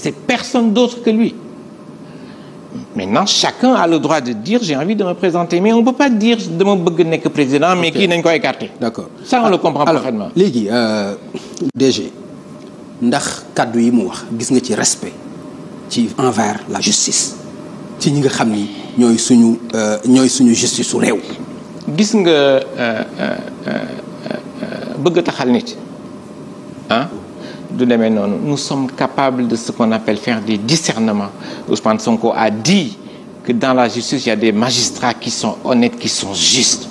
C'est personne d'autre que lui. Maintenant, chacun a le droit de dire j'ai envie de me présenter, mais on ne peut pas dire de mon n'est que président, mais qui n'est pas écarté. D'accord. Ça, on ah, le comprend parfaitement. Légui, euh, DG, ndax kaddu yi mu wax gis nga ci respect ci envers la justice ci ñi nga xam ni ñooy suñu euh, ñooy suñu justice su réew. gis nga euh, bëgg taxal nit hein nous sommes capables de ce qu'on appelle faire des discernements Ousmane Sonko a dit que dans la justice il y a des magistrats qui sont honnêtes qui sont justes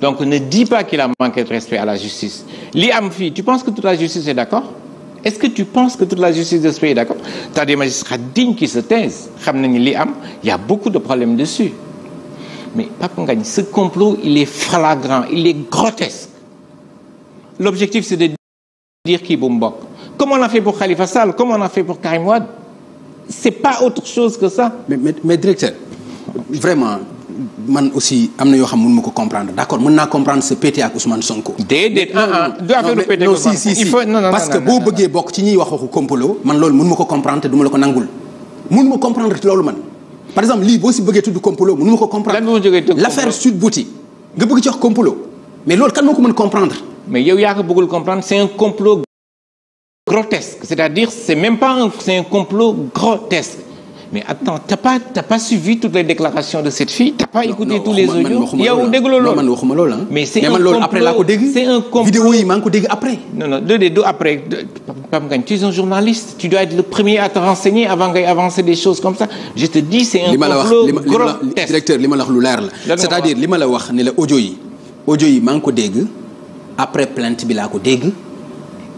donc ne dis pas qu'il a manqué de respect à la justice Liamfi, tu penses que toute la justice est d'accord est-ce que tu penses que toute la justice de ce pays est d'accord tu as des magistrats dignes qui se taisent il y a beaucoup de problèmes dessus mais ce complot il est flagrant il est grotesque l'objectif c'est de dire qui Bombok. Comment on a fait pour Khalifa Sall, comme on a fait pour Karim Wad, c'est pas autre chose que ça. Mais, mais, mais directeur, vraiment, man aussi, amna yo xam mënu mako comprendre. D'accord, mën comprendre ce pété ak Ousmane Sonko. Dédé, ah ah, do affaire pété. Non, si, si, faut non non parce que bo bëggé bok ci ñi wax waxu compolo, man lool mënu mako comprendre duma la ko nangul. Mënu mako comprendre ci lool man. Par exemple, li bo si tout tuddu kompolo, mënu mako comprendre. L'affaire Sud Bouti, nga bëgg tout du Kompolo mais loolu kan moo ko comprendre. mais yow ne ko pas comprendre c'est un complot grotesque c'est-à-dire c'est même pas un c'est un complot grotesque mais attends t'as pas t'as pas suivi toutes les déclarations de cette fille Tu t'as pas écouté tous les audios yow déglu loolu man waxuma loolu hein. mais c'est un complot. après c'est un complot vidéo yi maa ko après non non des deux après tu es un journaliste tu dois être le premier à te renseigner avant d'avancer des choses comme ça je te dis c'est un complot grotesque directeur li wax lu c'est-à-dire les wax audio yi man ko après plainte bi laa ko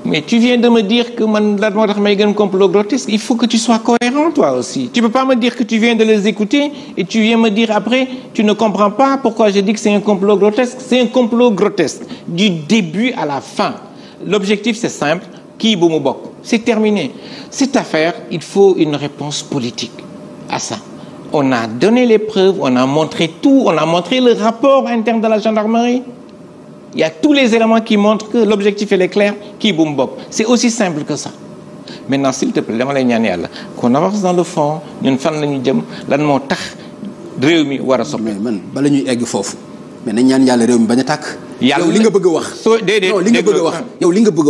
mais tu viens de me dire que man lan moo may complot grotesque il faut que tu sois cohérent toi aussi tu peux pas me dire que tu viens de les écouter et tu viens me dire après tu ne comprends pas pourquoi j'ai dit que c'est un complot grotesque c'est un complot grotesque du début à la fin l'objectif c'est simple Qui c'est terminé cette affaire il faut une réponse politique à ça on a donné les preuves, on a montré tout, on a montré le rapport interne de la gendarmerie. Il y a tous les éléments qui montrent que l'objectif est clair, qui boum C'est aussi simple que ça. Maintenant, s'il te plaît, dama lay ñaan qu'on avance dans le fond ñun fan la ñu jëm lan moo tax le mais nous ñaan yàlla réew mi bañ a li nga bëgg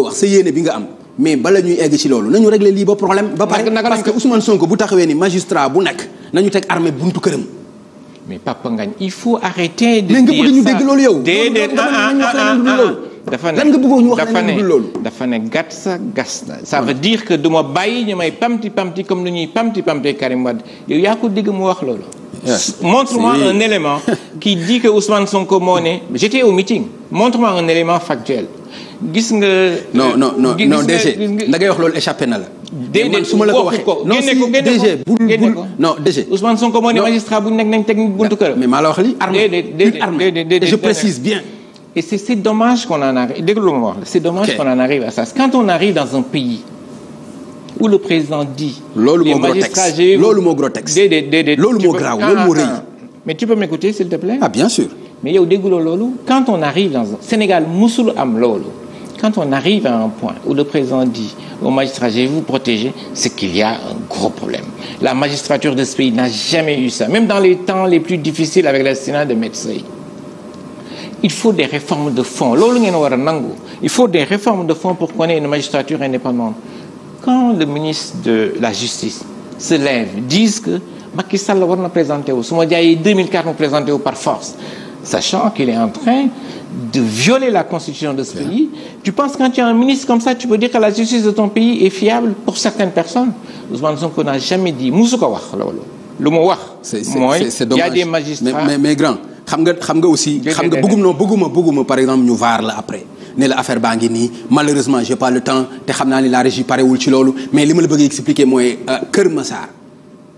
wax. li nga am mais bala ñuy egg ci lolu nañu régler li ba problème. ba parce que Ousmane Sonko bu taxawé ni magistrat bu nek nañu tek armée buntu kërëm mais Papa Ngagne il faut arrêter. de dire nga bëgg ñu dégg lolu yow. déedéet ah, ah, ah, dafa ne lan nga bëggo ñu wax dafa ne lolu dafa né gàtt sa gas na. ça veut dire que du ma bàyyi ñu may pamti pamti comme ni ñuy pamti pamti Karim Wade yow ya ko dégg mu wax lolu montre-moi un élément. qui dit que Ousmane Sonko moné j'étais au meeting. montre-moi un élément factuel gis nga. non non non non DG da ngay wax lolou échappé na la. déedéet su la ko waxee non si DG. génne non DG. Ousmane Sonko moo ne magistrat bu nek nañ technique buntu kër. mais maa la wax li arme je précise bien. et c'est c'est dommage qu'on en arrive dégg lu c'est dommage qu'on en arrive à ça quand on arrive dans un pays. où le président dit. lolou mo grotex lolou mo grotex gros texte. déedéet déedéet lolou mo graaw mais tu peux m'écouter s'il te plaît. ah bien sûr. mais yow dégguloo loolu quand on arrive dans Sénégal musul am loolu. Quand on arrive à un point où le président dit au magistrat, je vais vous protéger, c'est qu'il y a un gros problème. La magistrature de ce pays n'a jamais eu ça, même dans les temps les plus difficiles avec l'assassinat de Metzey. Il faut des réformes de fond. Il faut des réformes de fond pour qu'on ait une magistrature indépendante. Quand le ministre de la Justice se lève, dit que Macky Sall va nous présenter, 2004 nous présenter par force, sachant qu'il est en train de violer la constitution de ce pays. Tu penses quand tu as un ministre comme ça, tu peux dire que la justice de ton pays est fiable pour certaines personnes. Ousmane qu'on n'a jamais dit. Le mot Il y a des magistrats. Mais, mais, grand, xam nga aussi. xam nga par exemple nous var la après. ne la affaire baa ngi pas le temps te sais que ni la régie parewul ci loolu mais ce que la veux expliquer c'est euh, que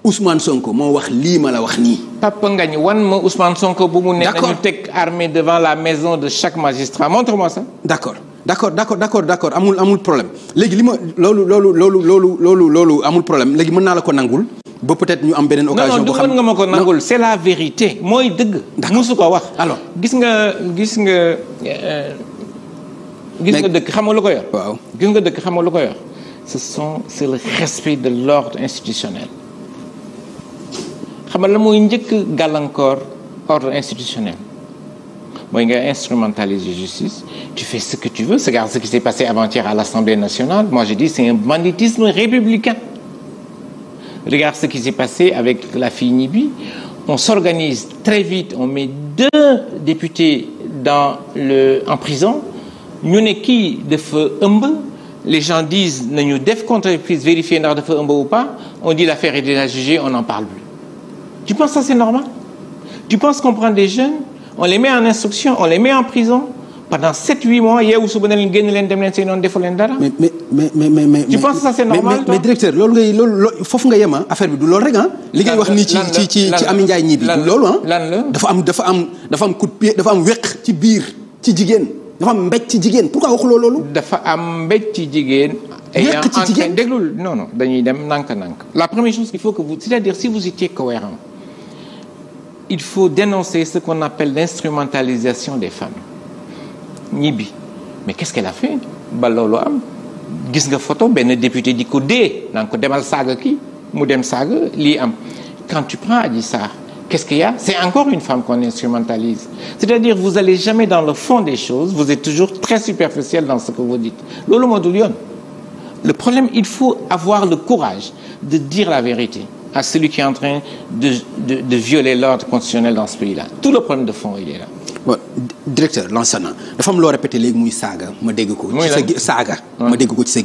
Ousmane Sonko mo wax li mala la wax ni Papa Ngagne wan ma Ousmane Sonko bu mu ne. d'accord nañu armée devant la maison de chaque magistrat montre-moi ça. d'accord d'accord d'accord d'accord d'accord amul amul problème légui lima lolu, lolu, lolu, lolu, lolu, lolu, amul problème légui mën naa la ko nangul. ba peut-être ñu am benen occasion. xam non non du mën nga mako nangul c'est la vérité. moy deug d'accord musu ko wax. alors gis nga gis nga. Euh, gis nga deuk xam nga lu ko yor. waaw gis nga deuk xam nga lu ko yor. ce sont c'est le respect de l'ordre institutionnel xam la ordre institutionnel mooy nga instrumentaliser justice tu fais ce que tu veux regarde ce qui s'est passé avant-hier à l'Assemblée nationale moi je dis c'est un banditisme républicain regarde ce qui s'est passé avec la fille Nibi on s'organise très vite on met deux députés en prison ñu ne de feu les gens disent nous def contre-prise vérifier de feu ëmb ou pas on dit l'affaire est déjà jugée on n'en parle plus tu penses que ça c'est normal Tu penses qu'on prend des jeunes, on les met en instruction, on les met en prison pendant 7-8 mois, il y a où souvenez le gain de l'indemnité non défaut l'indara. Mais mais mais mais mais Tu penses que ça c'est normal Mais, mais directeur, lolu ngay lolu fofu nga yem ah, affaire bi du lolu rek hein. Li ngay wax ni ci ci ci ci Ami Ndiaye ñi bi lolu hein. Ah. Lan la dafa am dafa am dafa am coup de pied, dafa am wéq ci biir ci jigéen. dafa am mbéj ci jigéen pourquoi waxuloo loolu. dafa am mbéj ci jigéen. yéex ci jigéen ayant déglul non non dañuy dem nank-nank. la première chose qu'il faut que vous c'est-à-dire si vous étiez cohérent il faut dénoncer ce qu'on appelle l'instrumentalisation des femmes Nibi, mais qu'est-ce qu'elle a fait Baloloam, photo député quand tu prends dit ça, qu'est-ce qu'il y a c'est encore une femme qu'on instrumentalise c'est-à-dire vous n'allez jamais dans le fond des choses vous êtes toujours très superficiel dans ce que vous dites Lolo le problème il faut avoir le courage de dire la vérité à celui qui est en train de, de, de violer l'ordre constitutionnel dans ce pays-là. Tout le problème de fond, il est là. bon directeur l'enseignant, dafa am je répété léegi muy saga. ma dégg ko. ci sa saaga. ma dégg ko ci sa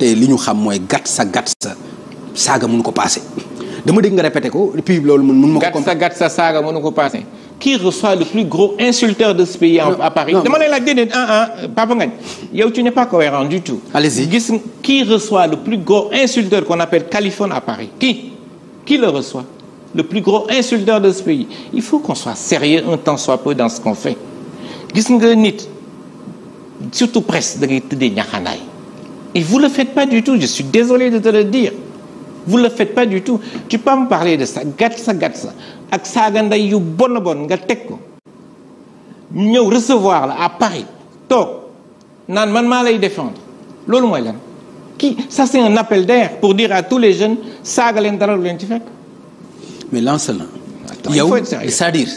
je ne sais pas, xam mooy gàtt sa gàtt sa saaga mënu ko paase. dama dégg nga ko saga. sa sa qui reçoit le plus gros insulteur de ce pays à Paris demandez la laaj déedéet ah ah Papa tu n'es pas cohérent du tout. allez-y qui reçoit le plus gros insulteur qu'on appelle Californe à Paris qui. Qui le reçoit Le plus gros insulteur de ce pays. Il faut qu'on soit sérieux un temps soit peu dans ce qu'on fait. surtout presse de et vous ne le faites pas du tout je suis désolé de te le dire vous ne le faites pas du tout tu peux me parler de ça Gatsa, ça, Aksa ça. yu bon bon nga recevoir à Paris To, nan man maa lay défendre loolu qui, ça, c'est un appel d'air pour dire à tous les jeunes, ça, Mais Lancelin, c'est-à-dire,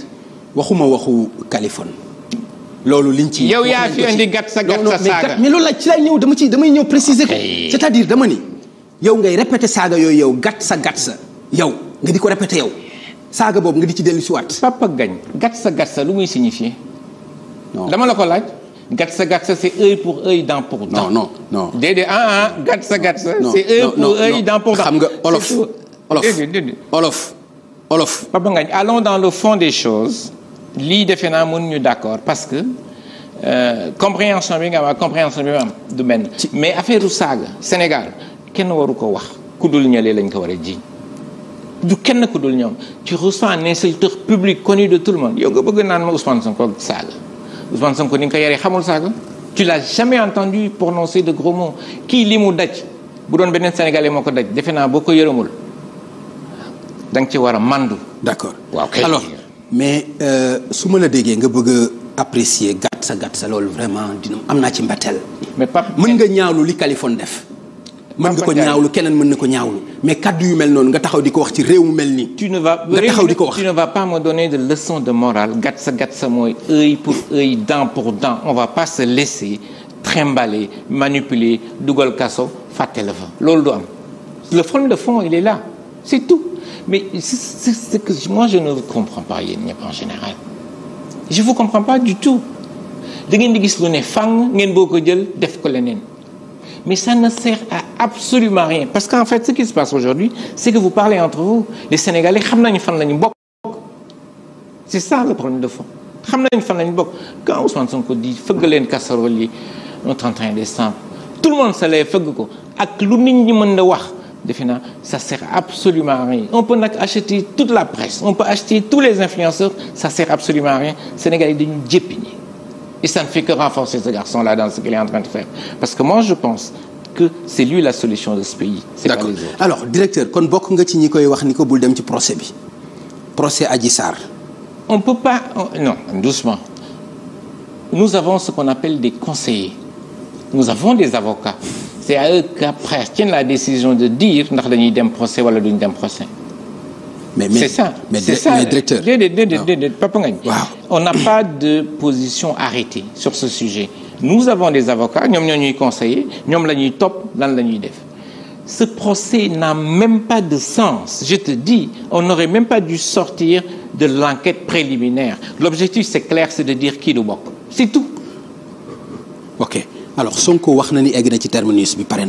waxuma waxu Californie. loolu liñ ci yow ya fi indi gat sa gat sa saaga mais loolu la ci lay ñëw dama ci damay ñëw préciser ko c'est-à-dire dama ni yow ngay répéter saga yooyu yow gat sa gat sa yow nga di ko répéter yow Saga bob nga di ci dellu si waat papa gañ gat sa gat sa lu muy signifier dama la ko laaj Gatsa gatsa, c'est œil pour œil, dent pour dent. Non, non, non. Dédé, ah, ah, gatsa gatsa, c'est œil pour œil, dent pour dent. Olof, Olof, Olof, Olof. Papa allons dans le fond des choses. Li défendant nous d'accord, parce que euh, compréhension bien, compréhension bi nga mais affaire saaga Sénégal kenn waru ko wax ku dul ñële lañ ko war a jiiñ du kenn ku dul ñoom tu reçois un insulteur public connu de tout le monde yow nga bëgg naan ma Ousmane Sonko saaga Ousmane Sonko ni nga ko xamul saaga tu l'as jamais entendu prononcer de gros mots Qui li mu daj bu doon benen sénégalais moko ko daj defe naa boo ko ci wara mandu. d'accord alors mais euh ma la déggee nga bëgg apprécier gatt sa gatt sa lol vraiment dina am ci mbattel mais Pape mën nga ñaawlu li Californie def man nga ko ñaawlu keneen mën na ko ñaawlu mais kaddu yu mel noonu nga taxaw di ko wax ci réew mu mel nii. tu ne va nga taxaw di ko wax tu ne va pas me donner de leçon de morale gatsa gatsa mooy œil pour œil dent pour dent on va pas se laisser trimballer manipuler dugal kaso fàtte la fa. loolu du am le fond de fond il est là c'est tout mais c'est ce que moi je ne comprends pas yéen ñëpp en général je vous comprends pas du tout da ngeen di gis lu ne fang ngeen boo ko jël def ko leneen mais ça ne sert à absolument rien. Parce qu'en fait, ce qui se passe aujourd'hui, c'est que vous parlez entre vous. Les Sénégalais, c'est ça le problème de fond. Quand Ousmane Sonko dit le 31 décembre, tout le monde se lève, Feugko. Avec ça sert absolument à rien. On peut acheter toute la presse, on peut acheter tous les influenceurs, ça sert absolument à rien. Sénégalais, ils sont et ça ne fait que renforcer ce garçon-là dans ce qu'il est en train de faire. Parce que moi, je pense que c'est lui la solution de ce pays. D'accord. Alors, directeur, quand vous nga ci ñi koy wax ni procès bi. Procès à Sarr. On peut pas non, doucement. Nous avons ce qu'on appelle des conseillers. Nous avons des avocats. C'est à eux qu'après tiennent la décision de dire ndax dañuy dem procès ou duñ dem procès. Mais mais c'est ça. Mais c'est ça. Mais directeur. Wow on n'a pas de position arrêtée sur ce sujet. Nous avons des avocats, nous avons des conseillers, nous avons des top nous avons des def. Ce procès n'a même pas de sens. Je te dis, on n'aurait même pas dû sortir de l'enquête préliminaire. L'objectif, c'est clair, c'est de dire qui le bok. C'est tout. OK. Alors, Sonko wax na terminus bi paré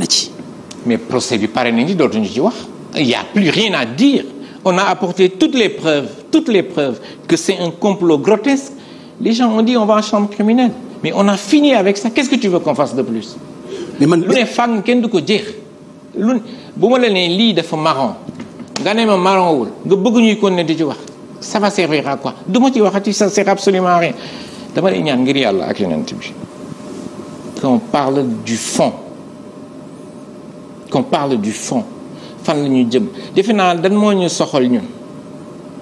Mais procès bi paré na ni Il n'y a plus rien à dire. On a apporté toutes les preuves toutes les preuves que c'est un complot grotesque, les gens ont dit on va en chambre criminelle. Mais on a fini avec ça. Qu'est-ce que tu veux qu'on fasse de plus mais man lu ne fang kenn du ko jeex lu bu ma la nee dafa marron nga ne ma marron wul nga bëgg ñuy kon ne di ci wax ça va servir à quoi du ma ci waxati ça sert absolument à rien dama lay ñaan ngir yàlla ak yonent bi qu'on parle du fond qu'on parle du fond fan la ñu jëm defe naa dan moo ñun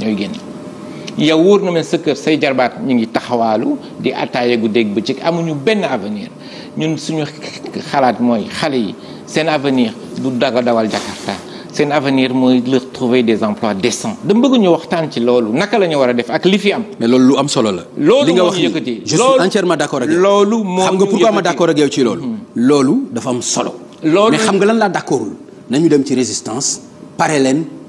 ñooy génn ya wóor na ma sa kër say jarbaat ñu ngi taxawaalu di attaaye gu dégg ak amuñu ben avenir ñun suñu xalaat moy xale yi seen avenir du daga dawal Jakarta seen avenir moy leur trouver des emplois décents dama bëgg ñu waxtaan ci loolu naka lañu wara def ak li fi am. mais loolu lu am solo la. li nga wax je suis entièrement d'accord ak loolu moo xam nga pourquoi ma d'accord ak yow ci loolu. Hmm. loolu dafa am solo. mais xam nga lan la d'accordul nañu dem ci résistance pare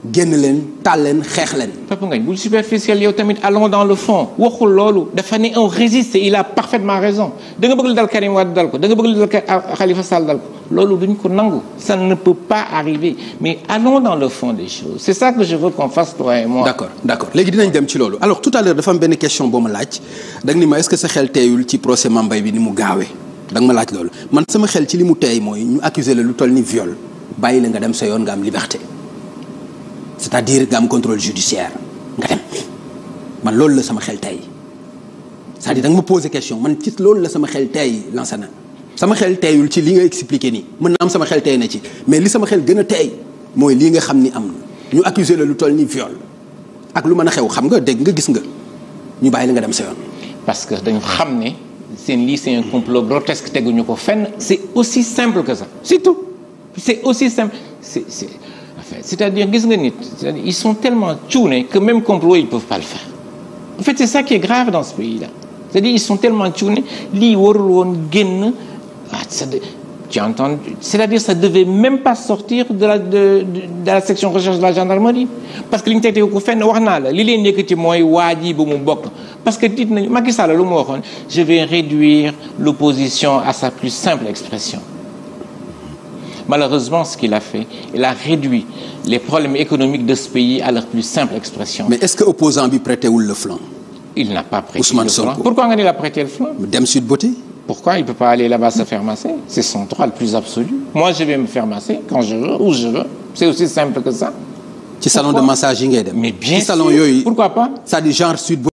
génn leen taal leen leen. Papa Ngagne bu superficiel yow tamit allons dans le fond waxul loolu dafa ni on résiste il a parfaitement raison da nga bëgg dal Karim Wade dal ko da nga bëgg dal ah, Khalifa Sall dal ko duñ ko nangu ça ne peut pas arriver mais allons dans le fond des choses c'est ça que je veux qu'on fasse toi et moi. d'accord d'accord légui dinañ dem ci lolo. alors tout à l'heure dafa am ben question boo ma laaj ma est-ce que sa xel teeyul ci procès mambay bi ni mu gaawé dag ma laaj loolu man sama xel ci limu mu moy ñu accuser le lu toll ni viol bàyyi nga dem sa yoon nga am liberté c'est-à-dire gam contrôle judiciaire nga dem man loolu la sama xel tey c'est-à-dire da nga ma question man ci loolu la sama xel tey lancé na sama xel teyul ci li nga expliqué nii mën na am sama xel tey na ci mais li sama xel gën a tey mooy lii nga xam ni am na ñu accusé la lu toll ni viol ak lu mën a xew xam nga dégg nga gis nga ñu bàyyi nga dem sa parce que dañu xam ne seen lii c'est un complot grotesque teguñu ko fen, c'est aussi simple que ça surtout c'est aussi simple c'est c'est c'est-à-dire, ils sont tellement tournés que même complot, ils ne peuvent pas le faire. En fait, c'est ça qui est grave dans ce pays-là. C'est-à-dire, ils sont tellement tournés. Ah, c'est-à-dire, ça ne devait même pas sortir de la, section recherche de la gendarmerie. Parce que Parce que je vais réduire l'opposition à sa plus simple expression. Malheureusement, ce qu'il a fait, il a réduit les problèmes économiques de ce pays à leur plus simple expression. Mais est-ce que opposant lui prêtait où le flanc Il n'a pas prêté le flanc. Pourquoi il a prêté le flanc Pourquoi il ne peut pas aller là-bas se faire masser C'est son droit le plus absolu. Moi, je vais me faire masser quand je veux, où je veux. C'est aussi simple que ça. Tu salon de massage, Mais bien sûr. Salon, Pourquoi pas Ça du genre sud